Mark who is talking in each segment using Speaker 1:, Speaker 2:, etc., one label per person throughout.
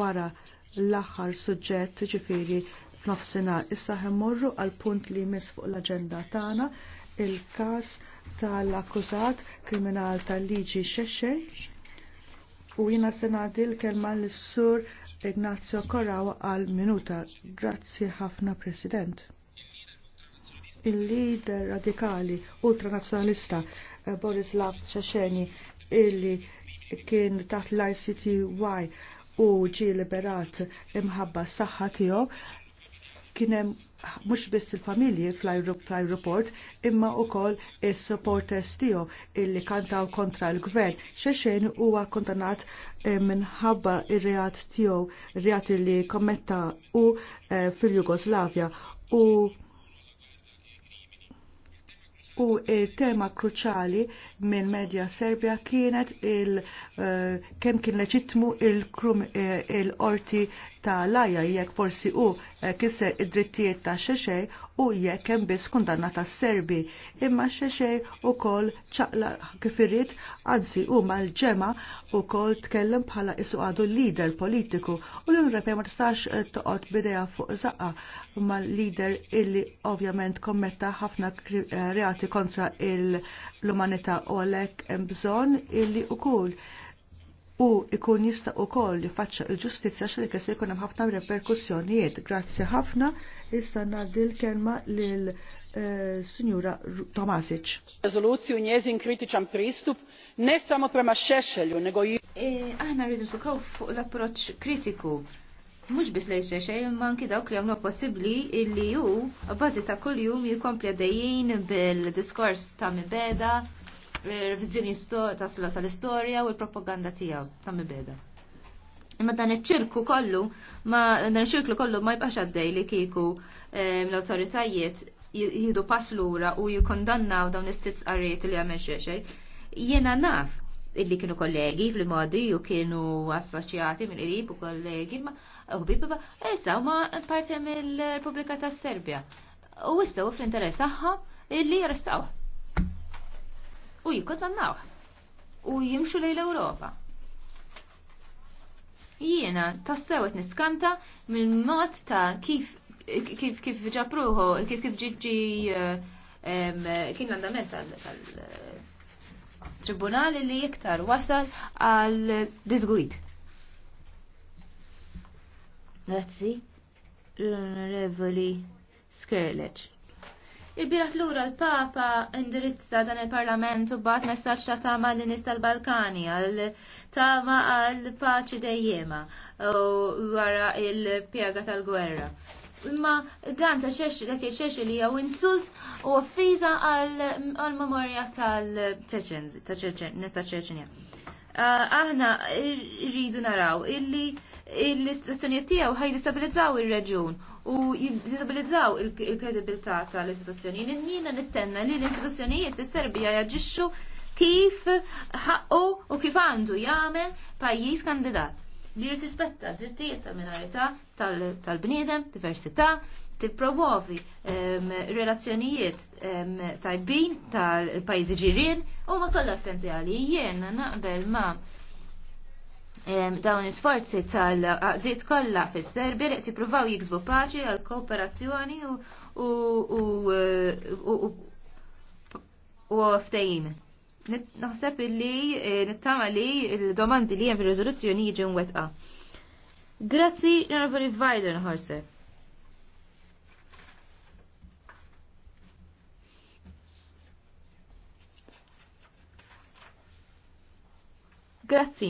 Speaker 1: wara l-aħħar suġġett ġifiri f'nofsinhar. Issa ħemmorru għal punt li jmiss fuq l-aġenda tagħna il-każ tal-akkużat kriminal tal-liġi xexxej u jina senadi l-kelma l-sur Ignazio Korawa għal minuta. Grazzi ħafna, President. Il-lider radikali ultranazzjonalista eh, Boris Lav Ċaċeni illi kien taħt l-ICTY u ġi liberat imħabba s-saħħa tiegħu kienem mux biss il-familji fl-aeroport imma u kol il-supporters tiegħu illi kantaw kontra l-gvern. Xexen huwa kontanat eh, minħabba ir-reat tiegħu, ir-reat li kommetta u eh, fil-Jugoslavja u u tema kruċali minn medja Serbja kienet il eh, kemm kien leġittmu eh, il-orti il ta' laja jekk forsi u eh, kisser id-drittijiet ta' xexej u jekk hemm biss kundanna ta' serbi imma xexej u kol ċaqla kifirit anzi u mal-ġema u kol tkellem bħala isu għadu lider politiku u l-Europea ma tistax eh, toqgħod bideja fuq zaqqa mal-lider illi ovvjament kommetta ħafna eh, reati kontra l-umanità u għalhekk hemm bżonn illi ukoll u ikun jista' ukoll faċċa l-ġustizzja xi li jkun hemm ħafna reperkussjonijiet. Grazzi ħafna issa ngħaddi l-kelma lil eh, Signora Tomasic. Rezoluzzju njezin kritiċan pristup ne prema xexelju negoji. Eh, aħna rridu fukaw fuq l-approċ
Speaker 2: kritiku. Mux bis lej xexel, man dawk li għamlu possibli illi ju, għabazi ta' kull jum jikompli għadejjien bil-diskors ta' mibeda, revizjoni tasla tal-istorja u l-propaganda tiegħu ta' mibeda. Imma dan iċ-ċirku kollu, ma dan iċ-ċirku kollu ma jibqax għaddej li kieku eh, l-awtoritajiet jihdu pass lura u jikondannaw dawn l sitt qarijiet li għamel xiexer. Jiena naf illi kienu kollegi fil-modi u kienu assoċjati mill qrib u kollegi ma ħbib ma issa ma parti mill-Repubblika tas-Serbja. U jessa u fl-interess tagħha illi jarrestawa u jikkondannaw u jimxu lejn l-Ewropa. Jiena tassew qed niskanta minn mod ta' kif kif kif ġapruħu, kif kif ġiġi eh, kien l-andament tal-tribunali li iktar wasal għal disgwid. Grazzi, l-onorevoli Skerleċ. Il-biraħ lura l-Papa indirizza dan il-Parlament u bat messaċ ta' tama l nies tal-Balkani għal tama għal paċi dejjema u wara il-pjaga tal-gwerra. Imma dan ta' ċeċi li qed li jew insult u offiża għal memorja tal-Ċeċenzi, ta' Ċeċenja aħna rridu naraw illi l-istituzzjonijiet tiegħu ħaj ir-reġjun u jistabilizzaw il-kredibilità tal-istituzzjoni. Jiena nittenna li l-istituzzjonijiet fis-Serbija jaġixxu kif ħaqqu u kif għandu jagħmel pajjiż kandidat li jirrispetta d-drittijiet tal-minorità tal-bniedem, diversità, tippromovi relazzjonijiet tajbin tal-pajjiżi ġirien u ma kollha essenzjali jien naqbel ma' dawn isforzi tal għadiet kollha fis serbi li qed jippruvaw jiksbu paċi għal kooperazzjoni u ftehim. Naħseb li e, nittama li il domandi li hemm fir-riżoluzzjoni jiġu nwettqa. Grazzi, Vajder, Weidenhorser. Grazzi.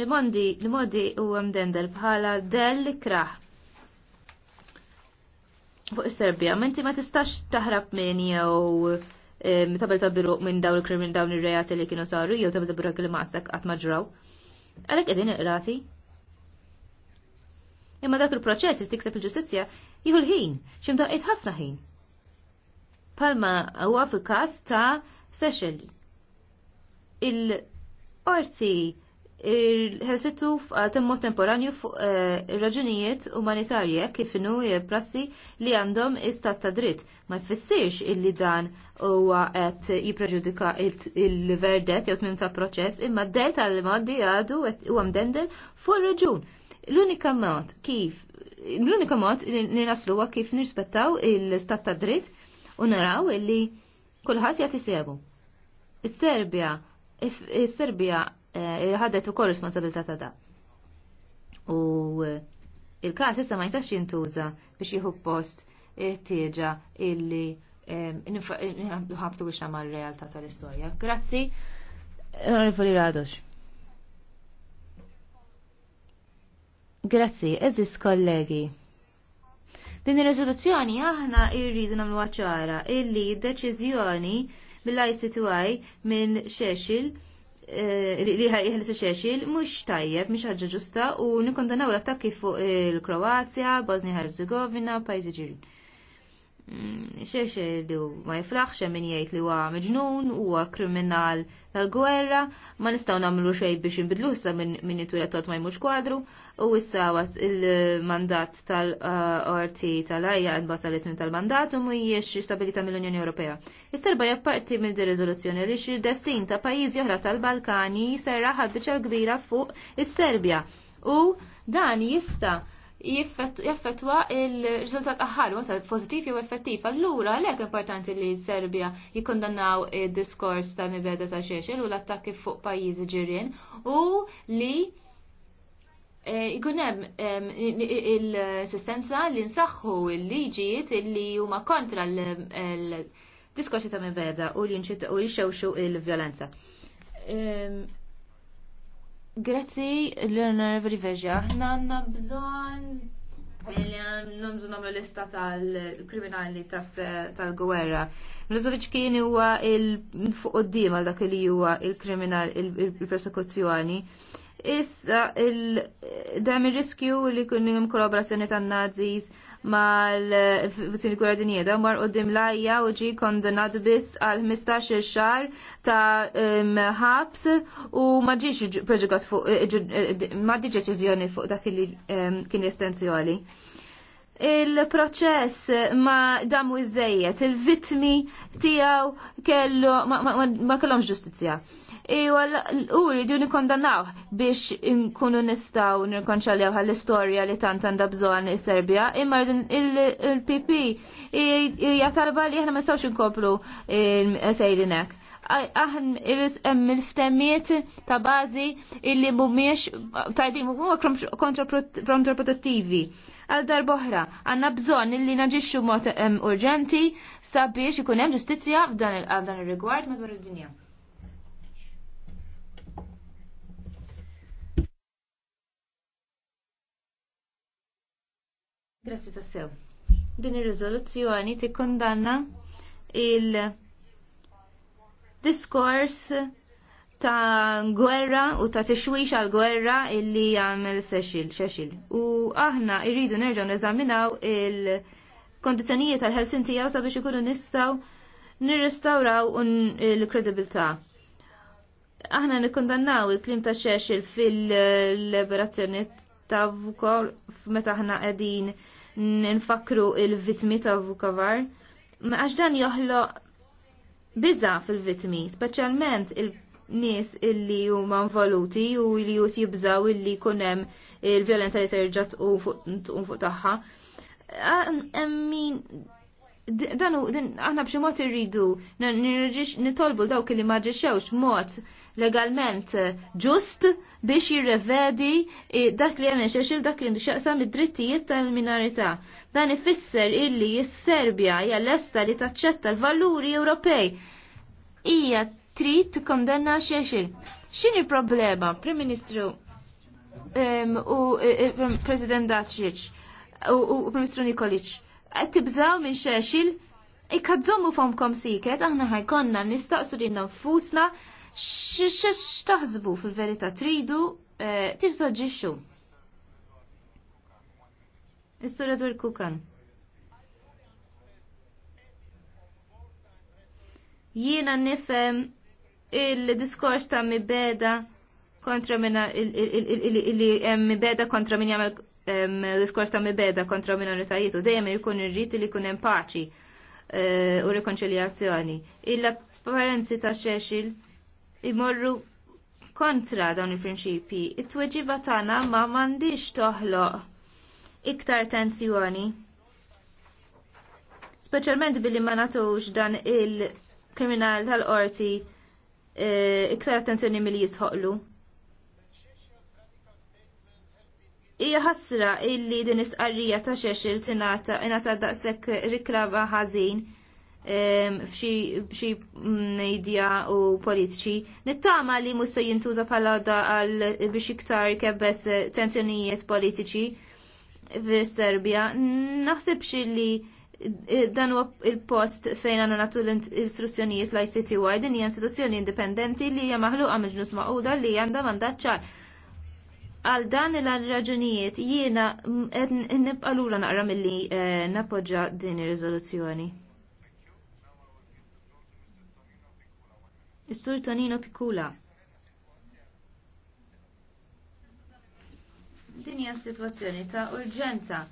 Speaker 2: L-mondi, l-modi u għamdendel bħala del kraħ fuq is-Serbja, menti ma tistax taħrab minn jew tabel tabiru minn dawn il minn dawn ir-reati li kienu saru jew tabel tabiru li maqsak qatt ma ġraw. Għalhekk qegħdin iqrati. Imma dak il-proċess tikseb il ġustizja jieħu l-ħin, x'imdaqqiet ħafna ħin. Palma huwa fil-każ ta' Sechel. Orti, il-ħersitu temmu temporanju fuq eh, raġunijiet umanitarje eh, kif inu eh, prassi li għandhom istat ta' dritt. Ma jfissirx illi dan huwa qed jipreġudika il-verdet jew tmim ta' proċess imma d-del tal-modi għadu huwa mdendel fuq raġun. L-unika mod kif l-unika mod li naslu kif nirrispettaw il-istat ta' dritt u naraw illi kulħadd jagħti sebu. Is-Serbja Is-Serbija eh, ħadet ukoll responsabilità ta' da. U eh, il-każ issa ma jistax jintuża biex jieħu post tieġa illi nħabtu biex nagħmal realtà tal-istorja. Grazzi, Onorevoli Radox. Grazzi, eżis kollegi. Din ir-riżoluzzjoni aħna rridu nagħmlu ċara illi d-deċiżjoni mill-ICTI minn Xexil eh, li ħelsa xexil mux tajjeb, mux ħagġa ġusta u nikondanaw l-attakki fuq il-Kroazja, Bosnia-Herzegovina, pajzi ġirin xiex ma jiflaħx xe min jgħid li huwa meġnun huwa kriminal tal-gwerra, ma nistgħu nagħmlu xejn biex inbidlu issa min jitu tot ma jmux kwadru u issa was il-mandat tal rt tal-ajja għadbasa l-ismin tal-mandat u mhijiex stabilita mill-Unjoni Ewropea. Istarba japparti minn di riżoluzzjoni li xi destin ta' pajjiżi oħra tal-Balkani jserraħ ħadbiċa kbira fuq is-Serbja u dan jista' jaffetwa il-rizultat aħħar għata pozitif jew effettiv. Allura għalhekk importanti li Serbja jikondannaw id-diskors ta' mibeda ta' xexel u l-attakki fuq pajjiżi ġirien u li e, jkun hemm il-sistenza li nsaħħu l-liġijiet li huma kontra l-diskorsi ta' mibeda u li nxewxu il-vjolenza. Grazzi l-Honorable Verja. Nanna bżon Nomżu namlu lista tal-kriminali tal-gwerra. Mlazovic kien huwa il-fuq d-dim għal dak li huwa il-kriminal il-persekuzzjoni. Issa, dam il-riskju li kun kollaborazzjoni tan-nazis mal-Vizzini Gwardinieda mar qoddim lajja u ġi kondenat biss għal 15 xar ta' ħabs u ma ġiex preġugat fuq e, e, ma ġiex deċiżjoni fuq dak li kien estenzjoli. Il-proċess ma damu iżejjed, il-vitmi tijaw kellu ma kellhomx ġustizzja. Iwa u rridu nikondannaw biex nkunu nistaw nirkonċaljaw għall-istorja li tant għandha bżonn is-Serbja, imma il-PP jatalba li aħna ma nkoplu inkoplu sejlinek. aħn il sem il-ftemiet ta' bazi illi mumiex tajbi u kontraproduttivi. Għal darboħra, għanna bżon illi naġiċu mot urġenti sabiex ikun hemm ġustizzja f'dan il-rigward madwar id-dinja. Grazzi tassew. Din ir-riżoluzzjoni tikkundanna il- diskors ta' gwerra u ta' tixwix għal gwerra illi jagħmel sexil sexil. U aħna irridu nerġgħu neżaminaw il-kondizzjonijiet tal-Helsin tiegħu sabiex ikunu nistgħu nirrestawraw il kredibilità Aħna nikkondannaw il-klim ta' xexil fil-liberazzjoni ta' meta aħna qegħdin ninfakru il-vitmi ta' Vukovar, ma għax dan joħlo biza fil-vitmi, specialment il-nis illi huma involuti u li jut jibżaw illi kunem il-violenza li terġa' u fuq tagħha. Min danu aħna b'xi mod irridu nitolbu dawk li ma ġixxewx mod legalment eh, ġust biex jirrevedi eh, dak li għamil xexil dak li xaqsam id-drittijiet tal-minorità. Dan ifisser illi s-Serbja hija lesta li taċċetta l-valuri Ewropej. Hija trid kondenna xexil. X'inhi problema, Prim Ministru u eh, President Dacic u Prim Ministru Nikolic? qed tibżaw minn xeċil, ikkadżommu fomkom siket aħna ħajkonna nistaqsu li nfusna x'xex taħzbu fil-verità tridu tirsoġġixxu. Is-sura kukan. Jiena nifem il-diskors ta' mibeda kontra minna il-mibeda kontra min jagħmel l-iskors ta' mibeda kontra minoritajiet u dejjem ikun irrid li jkun hemm paċi eh, u rekonċiljazzjoni. Il-apparenzi ta' xexil imorru kontra dawn il-prinċipji. It-tweġiba tagħna ma m'għandix toħloq iktar tensjoni. Speċjalment billi ma nagħtux dan il-kriminal tal-qorti eh, iktar attenzjoni milli jisħoqlu. Hija ħasra illi din isqarrija ta' xexil tingħata ingħata daqsek riklava ħażin f'xi mm, media u politiċi. Nittama li musa jintuża bħala għal biex iktar kebbes tensjonijiet politiċi fis-Serbja. xi li eh, dan huwa il-post fejn għandna nagħtu l-istruzzjonijiet l-ICTY din hija istituzzjoni indipendenti li hija maħluqa miġnus maquda li għandha mandat ċar għal dan il-raġunijiet jiena nibqa' lura naqra milli eh, nappoġġa din ir-riżoluzzjoni. Is-Sur Tonino Pikula. Din hija sitwazzjoni ta' urġenza.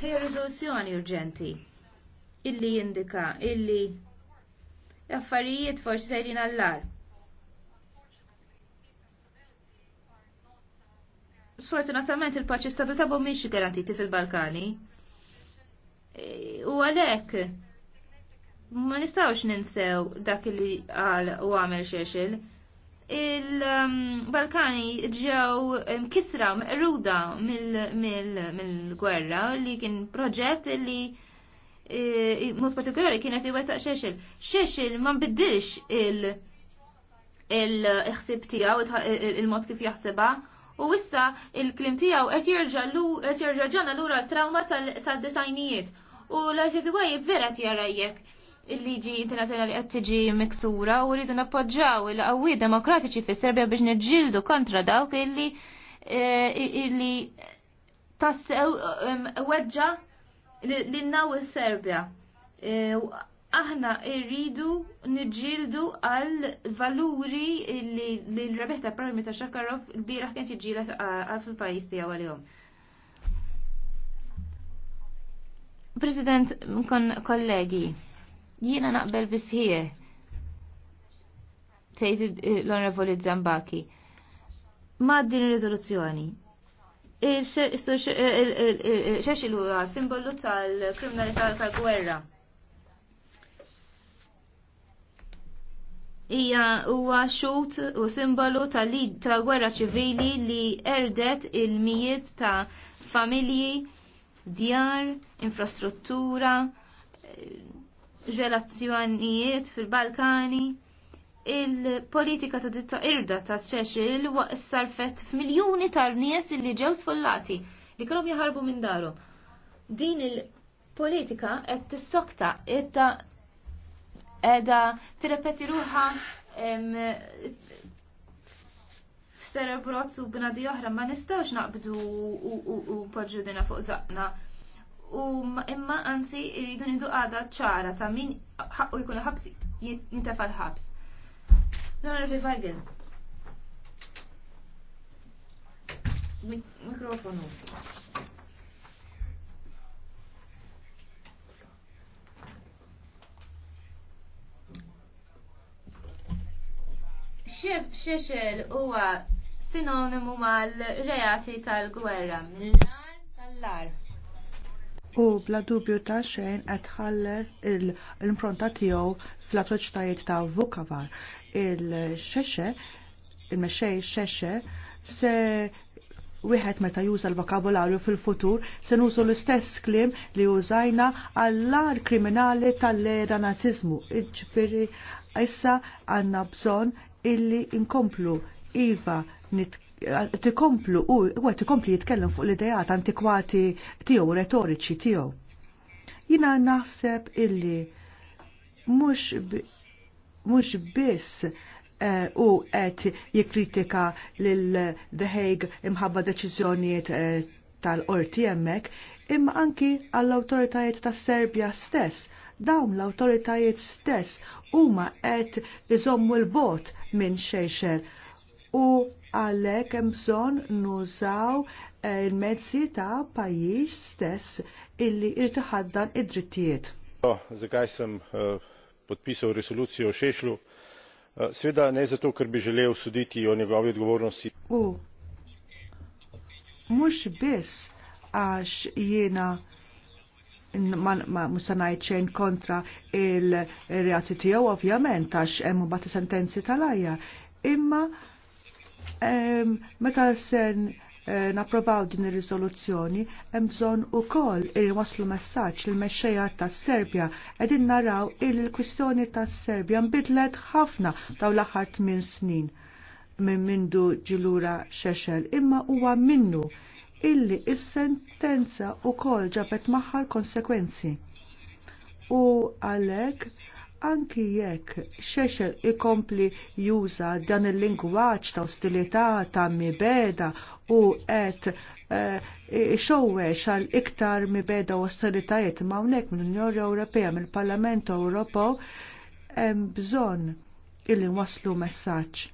Speaker 2: Hija riżoluzzjoni urġenti illi jindika illi affarijiet forsi sejrin għall-ar sfortunatament il-paċi stabilità miex garantiti fil-Balkani. E, u għalhekk ma nistgħux ninsew dak li qal u għamel Churchill. Il-Balkani ġew kisra ruda mill-gwerra li kien proġett li e, mod partikolari kienet iwettaq Churchill. Churchill ma biddilx il- ħsib tiegħu il-mod kif jaħsibha u issa il-klim tiegħu qed jerġa' ġana lura l-trauma tad-disajnijiet. U l-ICTY vera jara jekk il-liġi internazzjonali qed tiġi miksura u rridu nappoġġaw il għawi demokratiċi fis-Serbja biex niġġieldu kontra dawk illi e, illi tas weġġa l innaw is-Serbja. E, aħna irridu nġildu għal valuri li l-rebeħ ta' problemi ta' Shakarov l-biraħ kien tiġila għal fil-pajis tijaw għal-jom. President, kon kollegi, jiena naqbel bisħie tejt l-onorevoli Zambaki ma' din il rezoluzjoni il-xexilu simbolu tal-kriminalità tal-gwerra. hija huwa xut u simbolu tal-lid ta' gwerra ċivili li erdet il-mijiet ta' familji, djar, infrastruttura, relazzjonijiet fil-Balkani il-politika ta' ditta irda ta' s sarfet f'miljuni tar nies li ġew sfollati li kellhom jaħarbu minn darhom. Din il-politika qed tissokta qed edha t-repeti ruħa f u b'nadi oħra ma nistawx naqbdu u poġġu dina fuq zaqna. U imma għansi irridu nidu għada ċara ta' min u jkun ħabs l ħabs. L-onorfi Fagel. Mikrofonu. Xexel huwa sinonimu mal-reati tal-gwerra, mill-nar tal-lar.
Speaker 1: U bla dubju ta' xejn qed ħalles l-impronta tiegħu fl-atroċitajiet ta' Vukavar. Il-xexe, il-mexxej xexe se wieħed meta juża l-vokabolarju fil-futur se nużu l-istess klim li użajna għall-ar kriminali tal-era nazizmu. Iġifieri issa għandna bżonn illi inkomplu iva tikomplu u għet tikompli jitkellem fuq l-idejat antikwati tiegħu retoriċi tiegħu. Jina naħseb illi mhux biss Uh, u qed jikkritika lil The Hague imħabba deċiżjonijiet uh, tal-qorti hemmhekk, imma anki għall-awtoritajiet tas Serbja stess dawn l-autoritajiet stess huma qed iżommu l-bot minn xejxer u għalhekk hemm bżonn nużaw eh, il-mezzi ta' pajjiż stess illi irtiħaddan id-drittijiet. Oh, zakaj sem eh, podpisal resolucijo o sveda eh, ne zato, ker bi želel soditi o njegovi odgovornosti. U, mux biss għax jena ma musanajt xejn kontra il-reati tiegħu ovvjament għax hemm mbagħad sentenzi tal-ajja. Imma meta sen eh, napprovaw din ir-riżoluzzjoni hemm bżonn ukoll li waslu messaġġ lil mexxejja tas-Serbja qegħdin naraw il l-kwistjoni tas-Serbja nbidlet ħafna taw l-aħħar tmien snin minn mindu ġilura xexel imma huwa minnu illi s sentenza wkoll ġabet magħha konsekwenzi. U għalhekk anki jekk xexel ikompli juża dan il-lingwaġġ ta' ostilità ta' mibeda u qed eh, xowwex għal iktar mibeda u ostilitajiet ma' hawnhekk mill-Unjoni Ewropea mill-Parlament Ewropew hemm bżonn illi waslu messaġġ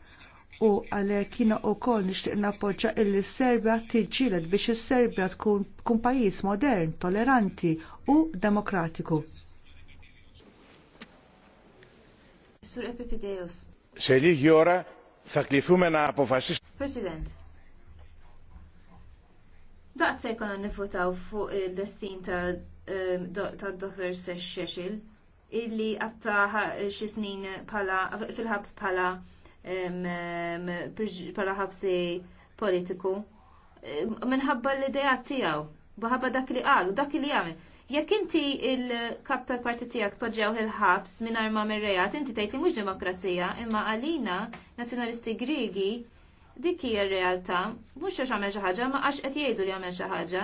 Speaker 1: u għalhekk u kol nixtieq nappoġġa illi Serbja tiġġieled biex il serbja tkun kun pajjiż modern, toleranti u demokratiku.
Speaker 2: Sur Epipideus.
Speaker 1: Σε λίγη ώρα θα κληθούμε να
Speaker 2: President. Daqt se jkun nifutaw fuq il-destin ta' eh, Dr. Shechil illi għatta xi snin pala fil-ħabs pala bħala politiku minħabba l-ideja tiegħu, bħabba dak li għal u dak li jagħmel. Jekk inti il-kap tal-parti tiegħek poġġew il-ħabs mingħajr arma mir-rejat, inti tgħid mhux demokrazija, imma għalina nazzjonalisti Grigi dik hija r-realtà, mhux għax għamel xi ħaġa, ma għax qed jgħidu li għamel xi ħaġa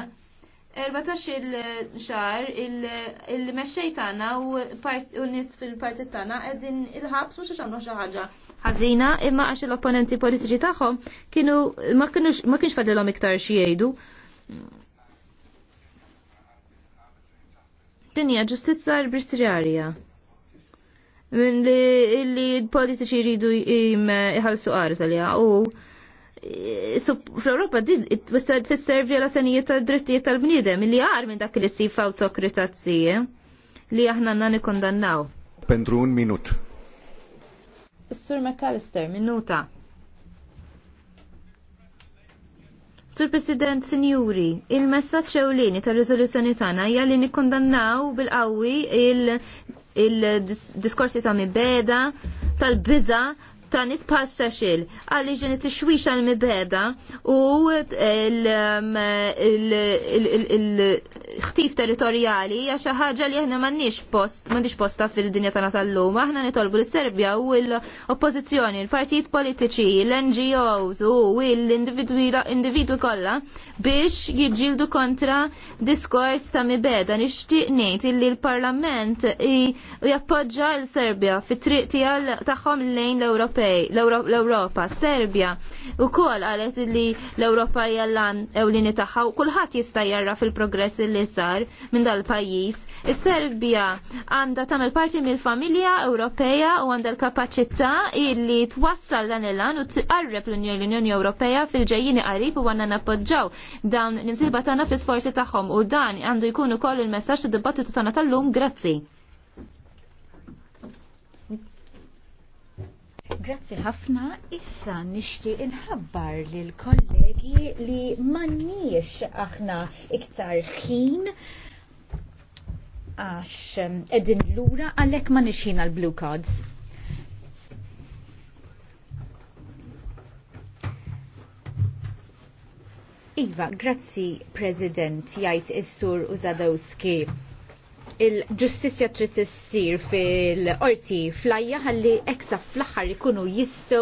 Speaker 2: 14 il-xar il-mexxej tagħna u nies fil-partit tagħna qegħdin il-ħabs mhux għax għandhom xi ħaġa ħażina imma għax l-opponenti politiċi tagħhom kienu ma kienx fadilhom iktar xi jgħidu. Dinja ġustizza arbitrarja minn li l-politiċi jridu jħallsu qarsa li u fl-Europa tfisser violazzjonijiet ta' drittijiet tal-bniedem li għar minn dak li sif autokritazzije li aħna għanna nikondannaw.
Speaker 1: Pentru un minut.
Speaker 3: Sur
Speaker 2: McAllister, minuta. Sur President Sinjuri, il-messaċ ewlieni tal-riżoluzzjoni tagħna hija li nikkondannaw bil-qawwi il-diskorsi ta' mibeda tal-biża ta' nispass xaxil għalli ġen t-xwix għal mibeda u l um, ħtif territoriali għax ħaġa li aħna m'għandniex post, m'għandix posta fil-dinja tagħna tal-lum, aħna nitolbu l-Serbja u l-oppożizzjoni, l-partit politiċi, l-NGOs u l-individwi kollha biex jiġġieldu kontra diskors ta' mibeda nixtieq ngħid illi l-Parlament jappoġġa l-Serbja fit-triq tiegħu lejn l europa Ewropej, l-Ewropa, Serbja, u kol għalet li l-Ewropa jallan ewlini taħħa u kullħat jista jarra fil-progress li sar minn dal-pajis. Serbja għanda tamel parti mill-familja Ewropeja u għanda l-kapacità illi twassal dan il-lan u tqarreb l-Unjoni Ewropeja fil-ġejjini qarib u għanna nappoġġaw dawn l-imsiħba tagħna fl-isforzi tagħhom u dan għandu jkun ukoll il-messaġġ t dibattitu tagħna tal-lum grazzi.
Speaker 3: Grazzi ħafna, issa nixti inħabbar lil kollegi li manniex aħna iktar ħin għax edin ehm, lura għalek manniex nixin għal blue cards. Iva, grazzi President, jajt Issur Uzadowski il-ġustizja trid issir fil-qorti flajja ħalli eksa fl-aħħar ikunu jistgħu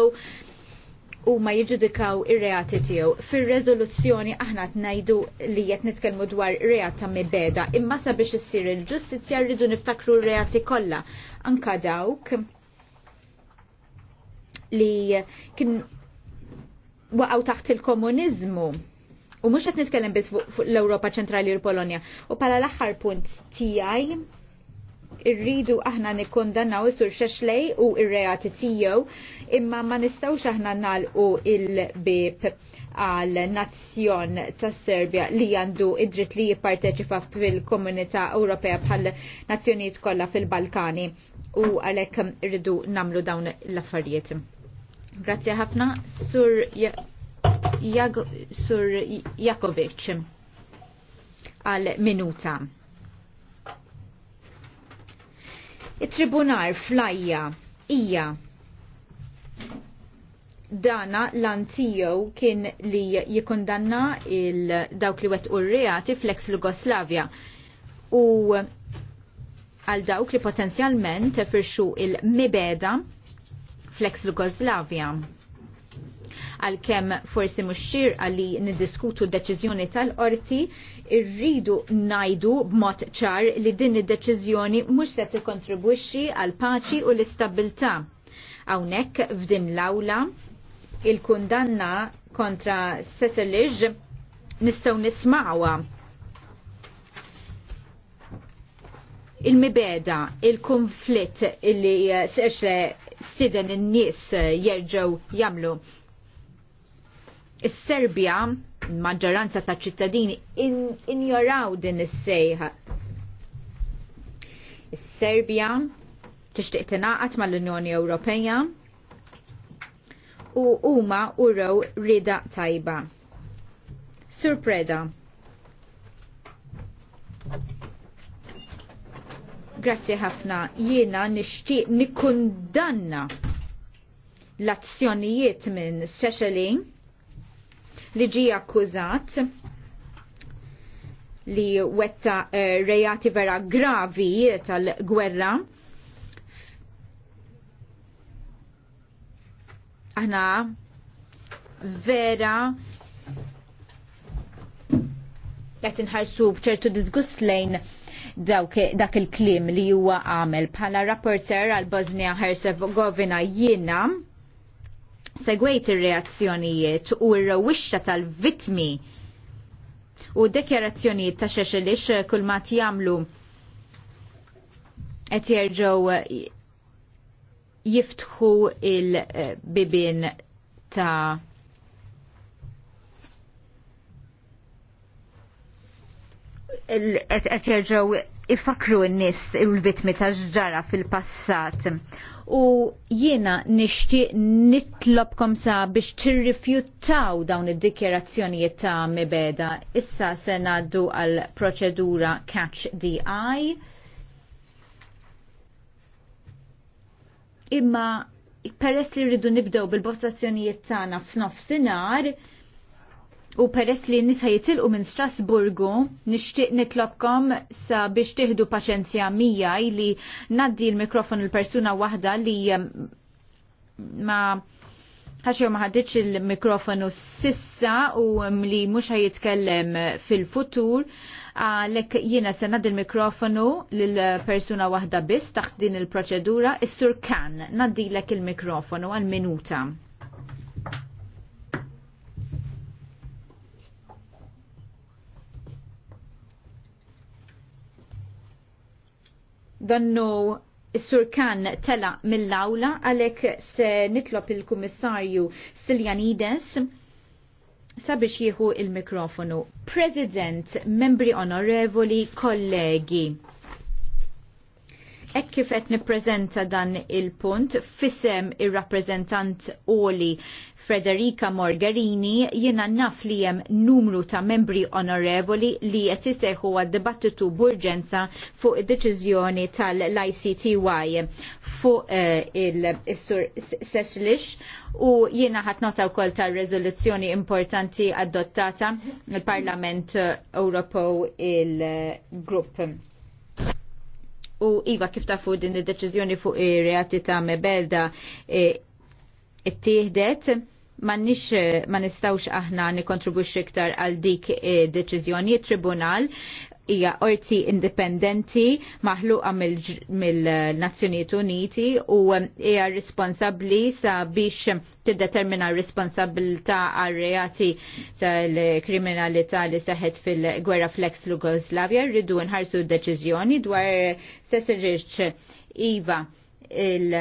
Speaker 3: u ma jiġudikaw ir-reati tiegħu. Fir-reżoluzzjoni aħna tnajdu li qed nitkellmu dwar reat ta' mibeda, imma sabiex issir il-ġustizzja rridu niftakru r-reati kollha anka dawk li kien waqgħu taħt il-komuniżmu U mhux qed nitkellem bis l europa ċentrali u l-Polonja. U pala l-aħħar punt tiegħi irridu aħna nikkondannaw is-sur xexlej u ir-reati tiegħu imma ma nistgħux aħna nalqu il-bib għal nazzjon tas Serbja li għandu id-dritt li jipparteċipa fil-Komunità Ewropea bħal nazzjonijiet kollha fil-Balkani u għalhekk irridu namlu dawn l-affarijiet. Grazzi ħafna, Sur Jag Sur Jakovic għal minuta. Il-tribunar flajja ija dana l-antijow kien li jikondanna il-dawk li wet u reati fl-ex u għal dawk li potenzjalment firxu il-mibeda fl-ex Jugoslavia għalkemm forsi mhux għalli li niddiskutu d-deċiżjoni tal-qorti, irridu najdu b'mod ċar li din id-deċiżjoni mhux se tikkontribwixxi għal paċi u l istabilta Hawnhekk f'din l-awla il-kundanna kontra Seselij nistgħu nismawha il-mibeda, il-konflitt illi s stiden in-nies jerġgħu jagħmlu Is-Serbja maġġoranza ta' ċittadini injoraw in din is-sejħa. Is-Serbja tixtieq tingħaqad mal-Unjoni Ewropea u huma urew rida tajba. Surpreda. Grazzi ħafna, jiena nixtieq nikkundanna l-azzjonijiet minn Sexelin li ġie akkużat li wetta eh, rejati vera gravi tal-gwerra. Aħna vera qed inħarsu bċertu disgust lejn dak il-klim li huwa għamel bħala rapporter għal Bosnia Herzegovina jiena segwejt ir-reazzjonijiet u r-wixxa tal-vitmi u dekjarazzjonijiet ta' xexelix kulmat jamlu jagħmlu qed jerġgħu eh, jiftħu il-bibin eh, ta' qed jerġgħu ifakru n-nies u l-vitmi ta' ġġara fil-passat u jiena nixtieq nitlobkom sa biex tirrifjutaw dawn id-dikjerazzjonijiet ta' mibeda. Issa se ngħaddu għal proċedura Catch the Eye. Imma peress li rridu nibdew bil-votazzjonijiet tagħna f'snof sinar, U peress li nisa jitilqu minn Strasburgu, nixtieq nitlobkom sa biex tieħdu paċenzja mija li naddi l-mikrofon l-persuna waħda li um, ma ħaxew ma ħaditx il-mikrofonu sissa u um, li mhux ħajitkellem fil-futur għalhekk jiena se nad il-mikrofonu lil persuna waħda biss taħt din il-proċedura is-sur kan naddilek il-mikrofonu għal minuta. dannu Is-sur kan tela mill-awla għalek se nitlob il-kummissarju Siljanides sabiex jieħu il-mikrofonu. President, membri onorevoli, kollegi. Ek kifet nippreżenta dan il-punt fissem il-rappresentant Oli Frederica Morgarini jiena naf li jem numru ta' membri onorevoli li qed isejħu għad-dibattitu burġenza fuq id-deċiżjoni tal-ICTY fuq uh, eh, il-sur Seslix u jiena ħadd nota wkoll ta' riżoluzzjoni importanti adottata ad il-Parlament Ewropew il-Grupp U Iva, kif tafu din id-deċizjoni fuq ir-reati ta' mebelda e, ittieħdet, mannix ma nistawx aħna nikontribwix iktar għal dik e, deċizjoni tribunal hija orti indipendenti maħluqa mill-Nazzjonijiet Uniti u hija responsabbli sa biex tiddetermina responsabilità għal reati tal-kriminalità li seħet fil-gwerra flex Lugoslavja rridu nħarsu d-deċiżjoni dwar Sesirġ Iva il-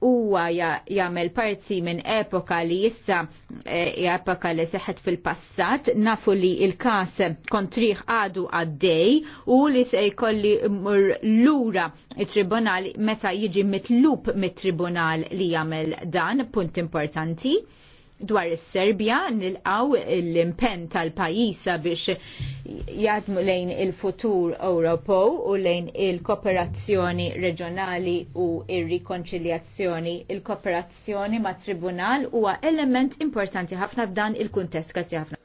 Speaker 3: huwa jagħmel parti minn epoka li issa eh, epoka li seħet fil-passat, nafu li il-kas kontriħ għadu għaddej u li se jkolli mur lura il-tribunal meta jiġi mitlub mit-tribunal li jagħmel dan, punt importanti dwar is-Serbja nilqaw l-impen tal-pajisa biex jadmu lejn il-futur Ewropew u lejn il-kooperazzjoni reġjonali u ir-rikonċiljazzjoni. Il-kooperazzjoni ma' tribunal huwa element importanti ħafna f'dan il-kuntest. Grazzi ħafna.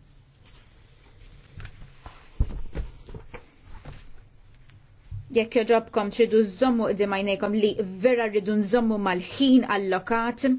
Speaker 3: jekk joġobkom tridu żommu qdim għajnejkom li vera rridu nżommu mal-ħin allokat